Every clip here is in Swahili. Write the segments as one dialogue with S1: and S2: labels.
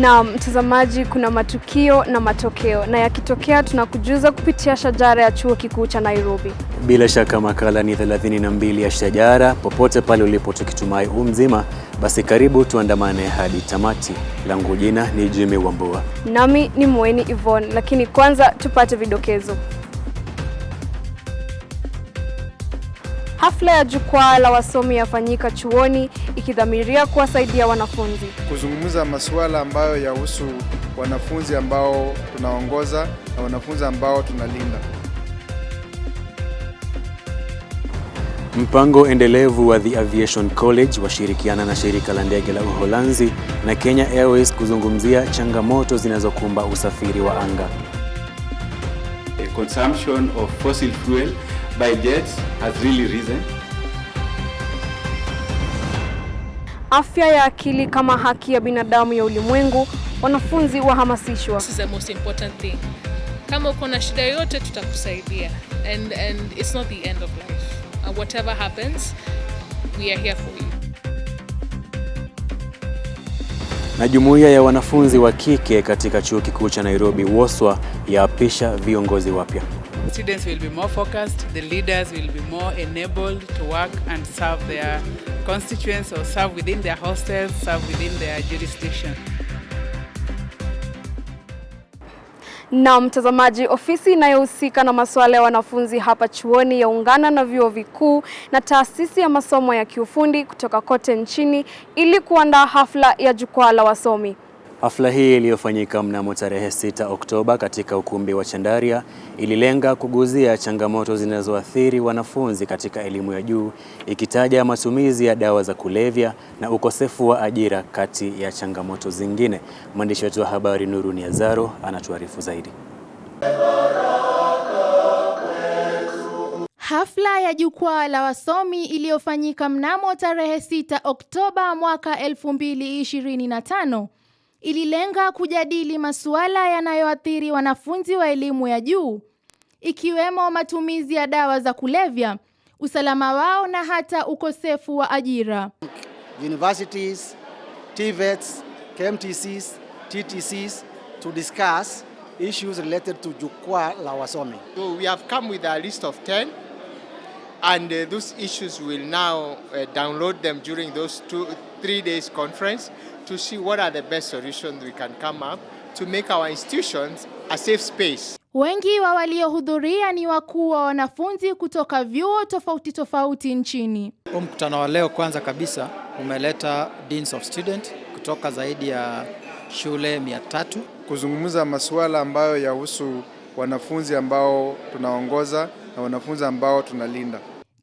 S1: na mtazamaji, kuna matukio na matokeo, na yakitokea tunakujuza kupitia Shajara ya Chuo Kikuu cha Nairobi.
S2: Bila shaka makala ni 32 ya Shajara. Popote pale ulipo, tukitumai huu mzima, basi karibu tuandamane hadi tamati. Langu jina ni Jimmy Wambua,
S1: nami ni Mweni Yvonne, lakini kwanza tupate vidokezo. Hafla ya jukwaa la wasomi yafanyika chuoni ikidhamiria kuwasaidia wanafunzi
S3: kuzungumza masuala ambayo yahusu wanafunzi ambao tunaongoza na wanafunzi ambao tunalinda.
S2: Mpango endelevu wa The Aviation College washirikiana na shirika la ndege la Uholanzi na Kenya Airways kuzungumzia changamoto zinazokumba usafiri wa anga.
S4: The consumption of fossil fuel by jets has really risen.
S1: Afya ya akili kama haki ya binadamu ya ulimwengu, wanafunzi wahamasishwa.
S5: This is the most important thing. Kama uko na shida yote tutakusaidia. And, and it's not the end of life. Uh, whatever happens, we are here for you.
S2: Na jumuiya ya wanafunzi wa kike katika Chuo Kikuu cha Nairobi WOSWA yaapisha viongozi wapya.
S6: Students will be more focused, the leaders will be more enabled to work and serve their constituents or serve within their hostels, serve within their jurisdiction.
S1: Na mtazamaji, ofisi inayohusika na, na masuala ya wanafunzi hapa chuoni ya ungana na vyuo vikuu na taasisi ya masomo ya kiufundi kutoka kote nchini ili kuandaa hafla ya jukwaa la wasomi.
S2: Hafla hii iliyofanyika mnamo tarehe 6 Oktoba katika ukumbi wa Chandaria ililenga kuguzia changamoto zinazoathiri wanafunzi katika elimu ya juu ikitaja matumizi ya dawa za kulevya na ukosefu wa ajira kati ya changamoto zingine. Mwandishi wetu wa habari Nuru Niazaro anatuarifu zaidi.
S1: Hafla ya jukwaa la wasomi iliyofanyika mnamo tarehe 6 Oktoba mwaka 2025 ililenga kujadili masuala yanayoathiri wanafunzi wa elimu ya juu ikiwemo matumizi ya dawa za kulevya, usalama wao na hata ukosefu wa ajira.
S7: Universities, TVETs, KMTCs, TTCs to discuss issues related to jukwaa la wasomi.
S8: So we have come with a list of 10 and uh, those issues will now uh, download them during those two, three days conference to see what are the best solutions we can come up to make our institutions a safe space.
S1: Wengi wa waliohudhuria ni wakuu wa wanafunzi kutoka vyuo tofauti tofauti nchini.
S9: Huu mkutano wa leo kwanza kabisa umeleta deans of student kutoka zaidi ya shule mia tatu
S3: kuzungumza masuala ambayo yahusu wanafunzi ambao tunaongoza na wanafunzi ambao tunalinda.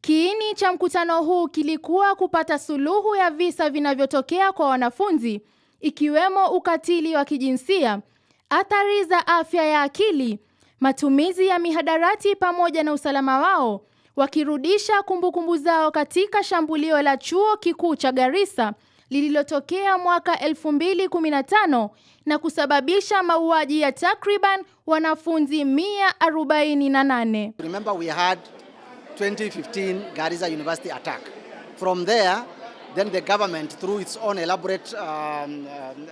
S1: Kiini cha mkutano huu kilikuwa kupata suluhu ya visa vinavyotokea kwa wanafunzi ikiwemo ukatili wa kijinsia, athari za afya ya akili, matumizi ya mihadarati pamoja na usalama wao, wakirudisha kumbukumbu zao katika shambulio la Chuo Kikuu cha Garissa lililotokea mwaka 2015 na kusababisha mauaji ya takriban wanafunzi 148.
S7: Remember we had 2015 Garissa University attack. From there, then the government, through its own elaborate um,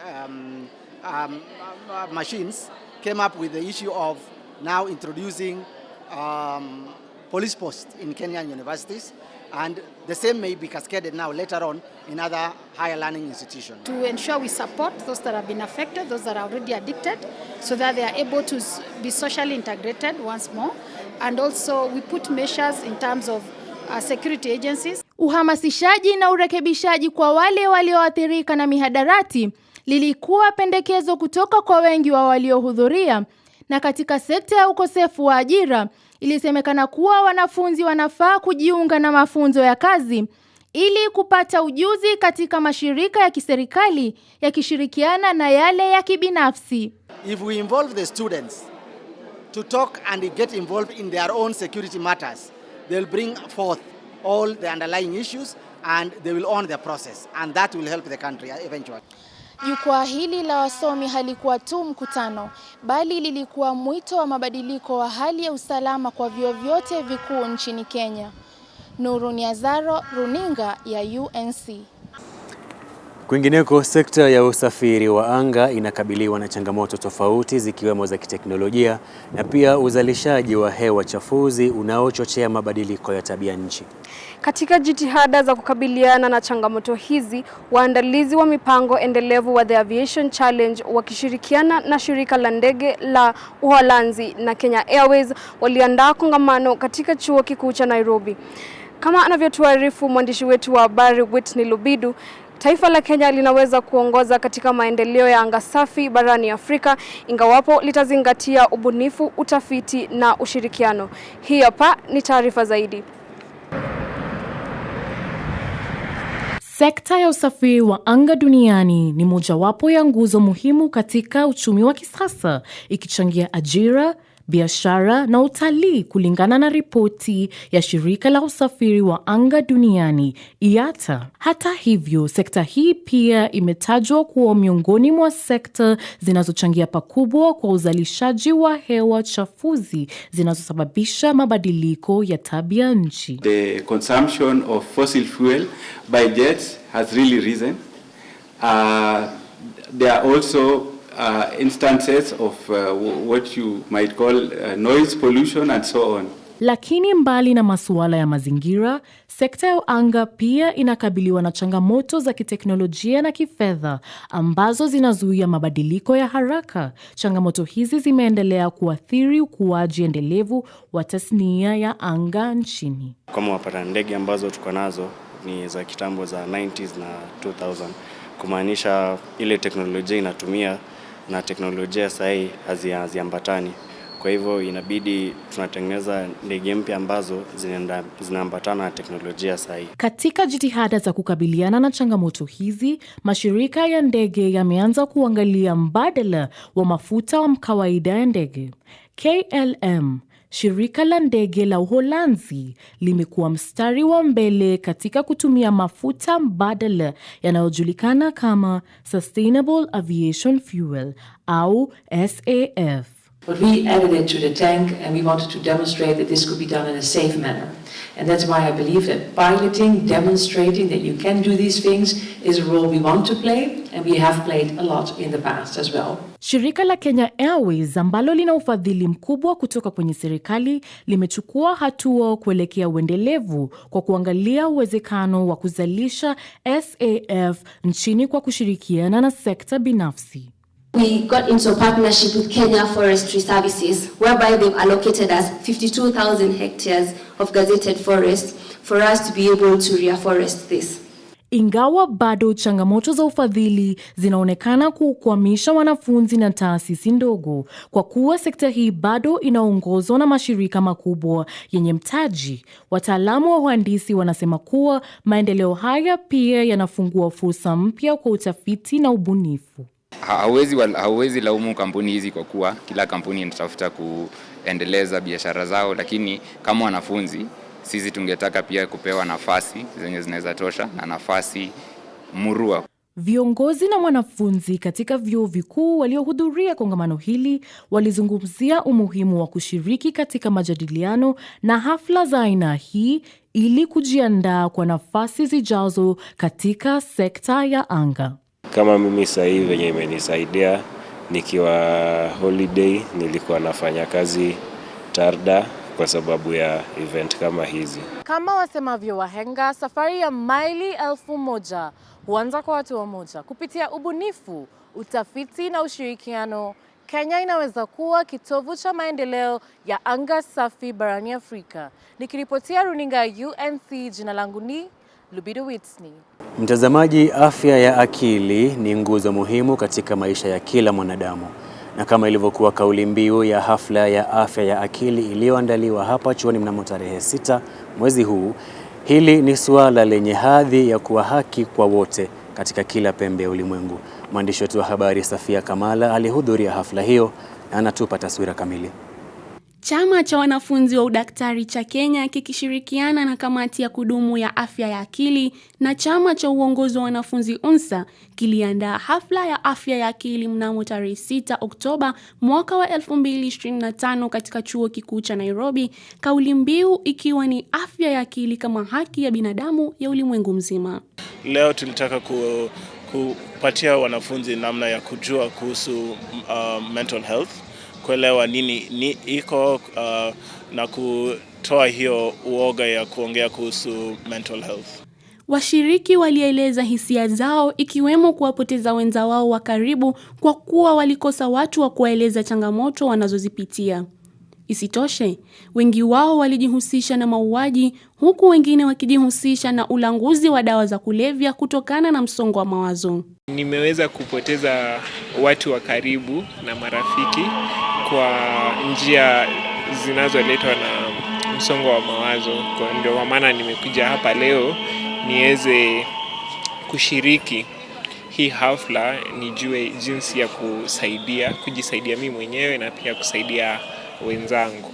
S7: um, um, uh, machines, came up with the issue of now introducing um, police posts in Kenyan universities. And the same may be cascaded now later on in other higher learning institutions.
S10: To ensure we support those that have been affected, those that are already addicted, so that they are able to be socially integrated once more and also we put measures in terms of uh, security agencies.
S1: Uhamasishaji na urekebishaji kwa wale walioathirika na mihadarati lilikuwa pendekezo kutoka kwa wengi wa waliohudhuria. Na katika sekta ya ukosefu wa ajira, ilisemekana kuwa wanafunzi wanafaa kujiunga na mafunzo ya kazi ili kupata ujuzi katika mashirika ya kiserikali yakishirikiana na yale ya kibinafsi.
S7: If we involve the students to talk and get involved in their own security matters. They'll bring forth all the underlying issues and they will own the process and that will help the country uh, eventually.
S1: Jukwaa hili la wasomi halikuwa tu mkutano bali lilikuwa mwito wa mabadiliko wa hali ya usalama kwa vyuo vyote vikuu nchini Kenya. Nuru Niazaro, Runinga ya UNC.
S2: Kwingineko, sekta ya usafiri wa anga inakabiliwa na changamoto tofauti zikiwemo za kiteknolojia na pia uzalishaji wa hewa chafuzi unaochochea mabadiliko ya tabia nchi.
S1: Katika jitihada za kukabiliana na changamoto hizi, waandalizi wa mipango endelevu wa The Aviation Challenge wakishirikiana na shirika la ndege la Uholanzi na Kenya Airways waliandaa kongamano katika chuo kikuu cha Nairobi. Kama anavyotuarifu mwandishi wetu wa habari Whitney Lubidu. Taifa la Kenya linaweza kuongoza katika maendeleo ya anga safi barani Afrika ingawapo litazingatia ubunifu, utafiti na ushirikiano. Hii hapa ni taarifa zaidi.
S11: Sekta ya usafiri wa anga duniani ni mojawapo ya nguzo muhimu katika uchumi wa kisasa ikichangia ajira biashara na utalii, kulingana na ripoti ya shirika la usafiri wa anga duniani IATA. Hata hivyo, sekta hii pia imetajwa kuwa miongoni mwa sekta zinazochangia pakubwa kwa uzalishaji wa hewa chafuzi zinazosababisha mabadiliko ya tabia nchi.
S4: really Uh, there are also uh, instances of uh, what you might call uh, noise pollution and so on.
S11: Lakini mbali na masuala ya mazingira, sekta ya anga pia inakabiliwa na changamoto za kiteknolojia na kifedha ambazo zinazuia mabadiliko ya haraka. Changamoto hizi zimeendelea kuathiri ukuaji endelevu wa tasnia ya anga nchini.
S12: Kama wapata ndege ambazo tuko nazo ni za kitambo za 90s na 2000, kumaanisha ile teknolojia inatumia na teknolojia sahii haziambatani. Kwa hivyo inabidi tunatengeneza ndege mpya ambazo zinaambatana na teknolojia sahii.
S11: Katika jitihada za kukabiliana na changamoto hizi, mashirika ya ndege yameanza kuangalia mbadala wa mafuta wa kawaida ya ndege KLM Shirika la ndege la Uholanzi limekuwa mstari wa mbele katika kutumia mafuta mbadala yanayojulikana kama Sustainable Aviation Fuel au SAF.
S13: But we added it to the tank and we wanted to demonstrate that this could be done in a safe manner. And that's why I believe that piloting, demonstrating that you can do these things is a role we want to play and we have played a lot in the past as well.
S11: Shirika la Kenya Airways ambalo lina ufadhili mkubwa kutoka kwenye serikali limechukua hatua kuelekea uendelevu kwa kuangalia uwezekano wa kuzalisha SAF nchini kwa kushirikiana na sekta binafsi
S13: we got into a partnership with Kenya Forestry Services whereby they've allocated us 52,000 hectares of gazetted forest for us to be able to reforest this.
S11: Ingawa bado changamoto za ufadhili zinaonekana kukwamisha wanafunzi na taasisi ndogo, kwa kuwa sekta hii bado inaongozwa na mashirika makubwa yenye mtaji, wataalamu wa uhandisi wanasema kuwa maendeleo haya pia yanafungua fursa mpya kwa utafiti na ubunifu.
S14: Hauwezi, hauwezi laumu kampuni hizi kwa kuwa kila kampuni inatafuta kuendeleza biashara zao, lakini kama wanafunzi sisi tungetaka pia kupewa nafasi zenye zinaweza tosha na nafasi murua.
S11: Viongozi na wanafunzi katika vyuo vikuu waliohudhuria kongamano hili walizungumzia umuhimu wa kushiriki katika majadiliano na hafla za aina hii ili kujiandaa kwa nafasi zijazo katika sekta ya anga.
S15: Kama mimi sasa hivi venye imenisaidia nikiwa holiday nilikuwa nafanya kazi Tarda kwa sababu ya event kama hizi.
S1: Kama wasemavyo wahenga, safari ya maili elfu moja huanza kwa watu wamoja. Kupitia ubunifu, utafiti na ushirikiano, Kenya inaweza kuwa kitovu cha maendeleo ya anga safi barani Afrika. Nikiripotia runinga UNC, jina langu ni Lubido Whitney.
S2: Mtazamaji, afya ya akili ni nguzo muhimu katika maisha ya kila mwanadamu, na kama ilivyokuwa kauli mbiu ya hafla ya afya ya akili iliyoandaliwa hapa chuoni mnamo tarehe sita mwezi huu, hili ni suala lenye hadhi ya kuwa haki kwa wote katika kila pembe ya ulimwengu. Mwandishi wetu wa habari Safia Kamala alihudhuria hafla hiyo na anatupa taswira kamili.
S11: Chama cha wanafunzi wa udaktari cha Kenya kikishirikiana na kamati ya kudumu ya afya ya akili na chama cha uongozi wa wanafunzi UNSA kiliandaa hafla ya afya ya akili mnamo tarehe 6 Oktoba mwaka wa 2025 katika chuo kikuu cha Nairobi, kauli mbiu ikiwa ni afya ya akili kama haki ya binadamu ya ulimwengu mzima.
S16: Leo tulitaka ku, kupatia wanafunzi namna ya kujua kuhusu uh, mental health kuelewa nini ni iko uh, na kutoa hiyo uoga ya kuongea kuhusu mental health.
S11: Washiriki walieleza hisia zao ikiwemo kuwapoteza wenza wao wa karibu kwa kuwa walikosa watu wa kuwaeleza changamoto wanazozipitia. Isitoshe, wengi wao walijihusisha na mauaji huku wengine wakijihusisha na ulanguzi wa dawa za kulevya kutokana na msongo wa mawazo.
S16: Nimeweza kupoteza watu wa karibu na marafiki kwa njia zinazoletwa na msongo wa mawazo. Kwa ndio maana nimekuja hapa leo niweze kushiriki hii hafla nijue jinsi ya kusaidia, kujisaidia mimi mwenyewe na pia kusaidia wenzangu.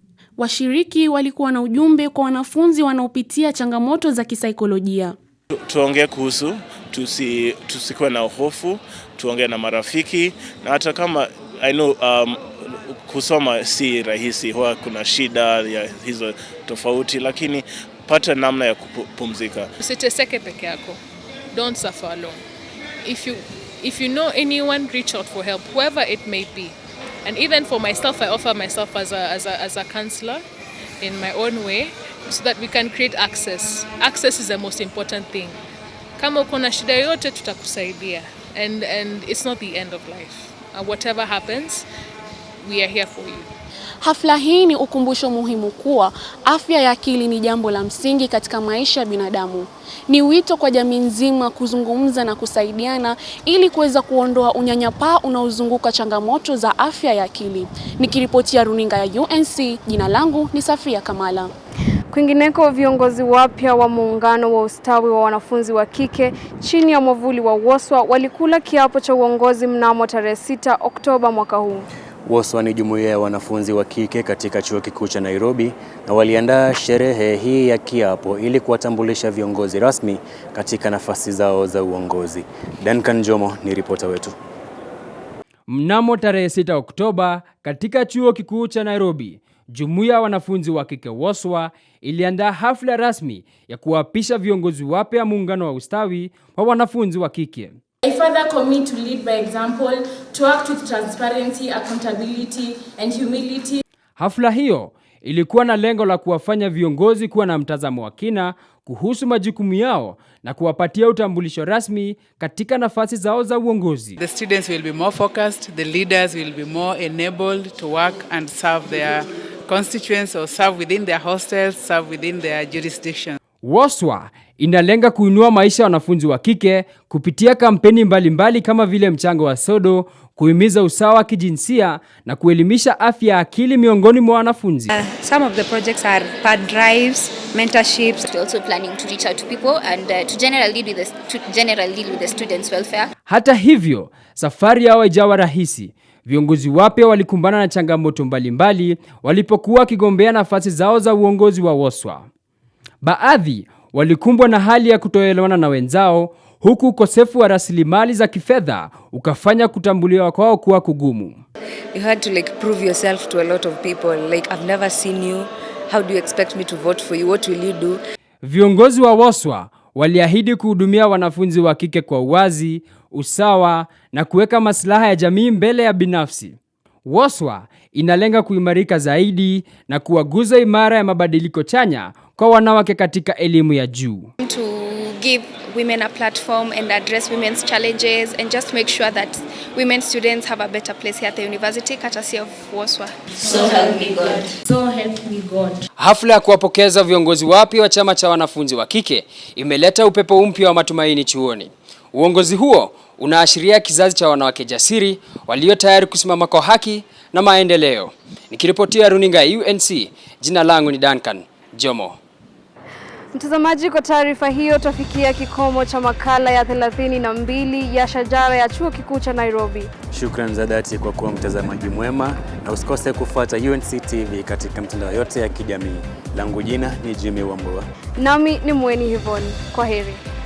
S11: Washiriki walikuwa na ujumbe kwa wanafunzi wanaopitia changamoto za kisaikolojia.
S16: Tuongee kuhusu, tusi, tusikuwe na hofu, tuongee na marafiki na hata kama I know, um, kusoma si rahisi, huwa kuna shida ya hizo tofauti, lakini pata namna ya kupumzika.
S5: Usiteseke peke yako, don't suffer alone. If you, if you know anyone, reach out for help, whoever it may be. And even for myself, I offer myself as a, as a, as a counselor in my own way so that we can create access. Access is the most important thing. Kama uko na shida yoyote tutakusaidia. And, and it's not the end of life. Uh, whatever happens, we are here for you.
S11: Hafla hii ni ukumbusho muhimu kuwa afya ya akili ni jambo la msingi katika maisha ya binadamu. Ni wito kwa jamii nzima kuzungumza na kusaidiana ili kuweza kuondoa unyanyapaa unaozunguka changamoto za afya ya akili. Nikiripotia runinga ya UNC, jina langu ni Safia Kamala.
S1: Kwingineko, viongozi wapya wa muungano wa ustawi wa wanafunzi wa kike chini ya mwavuli wa WOSWA walikula kiapo cha uongozi mnamo tarehe 6 Oktoba mwaka huu.
S2: WOSWA ni jumuiya ya wanafunzi wa kike katika Chuo Kikuu cha Nairobi na waliandaa sherehe hii ya kiapo ili kuwatambulisha viongozi rasmi katika nafasi zao za uongozi. Duncan Jomo ni ripota wetu.
S17: Mnamo tarehe 6 Oktoba katika Chuo Kikuu cha Nairobi, jumuiya ya wanafunzi wa kike WOSWA iliandaa hafla rasmi ya kuwaapisha viongozi wapya muungano wa ustawi wa wanafunzi wa kike.
S18: I further commit to lead by example, to act with transparency, accountability and humility.
S17: Hafla hiyo ilikuwa na lengo la kuwafanya viongozi kuwa na mtazamo wa kina kuhusu majukumu yao na kuwapatia utambulisho rasmi katika nafasi zao za uongozi.
S6: The students will be more focused, the leaders will be more enabled to work and serve their constituents or serve within their hostels, serve within their jurisdiction.
S17: WOSWA inalenga kuinua maisha ya wanafunzi wa kike kupitia kampeni mbalimbali mbali kama vile mchango wa sodo, kuhimiza usawa wa kijinsia na kuelimisha afya ya akili miongoni mwa wanafunzi.
S13: Uh, some of the projects are pad drives, mentorships. We're also planning to reach out to people and uh, to generally with the, to generally with the students welfare.
S17: Hata hivyo, safari yao haijawa rahisi. Viongozi wapya walikumbana na changamoto mbalimbali walipokuwa wakigombea nafasi zao za uongozi wa WOSWA. Baadhi walikumbwa na hali ya kutoelewana na wenzao, huku ukosefu wa rasilimali za kifedha ukafanya kutambuliwa kwao kuwa kugumu.
S13: You had to like prove yourself to a lot of people. Like I've never seen you. How do you expect me to vote for you? What will you do?
S17: Viongozi wa WOSWA waliahidi kuhudumia wanafunzi wa kike kwa uwazi, usawa na kuweka maslaha ya jamii mbele ya binafsi. WOSWA inalenga kuimarika zaidi na kuwaguza imara ya mabadiliko chanya kwa wanawake katika elimu ya juu. Hafla ya kuwapokeza viongozi wapya wa chama cha wanafunzi wa kike imeleta upepo mpya wa matumaini chuoni. Uongozi huo unaashiria kizazi cha wanawake jasiri walio tayari kusimama kwa haki na maendeleo. Nikiripotia runinga ya UNC, jina langu ni Duncan Jomo.
S1: Mtazamaji, kwa taarifa hiyo twafikia kikomo cha makala ya 32 ya Shajara ya Chuo Kikuu cha Nairobi.
S2: Shukrani za dhati kwa kuwa mtazamaji mwema na usikose kufuata UNC TV katika mtandao yote ya kijamii. Langu jina ni Jimmy Wambua,
S1: nami ni Mweni Hivon. Kwa heri.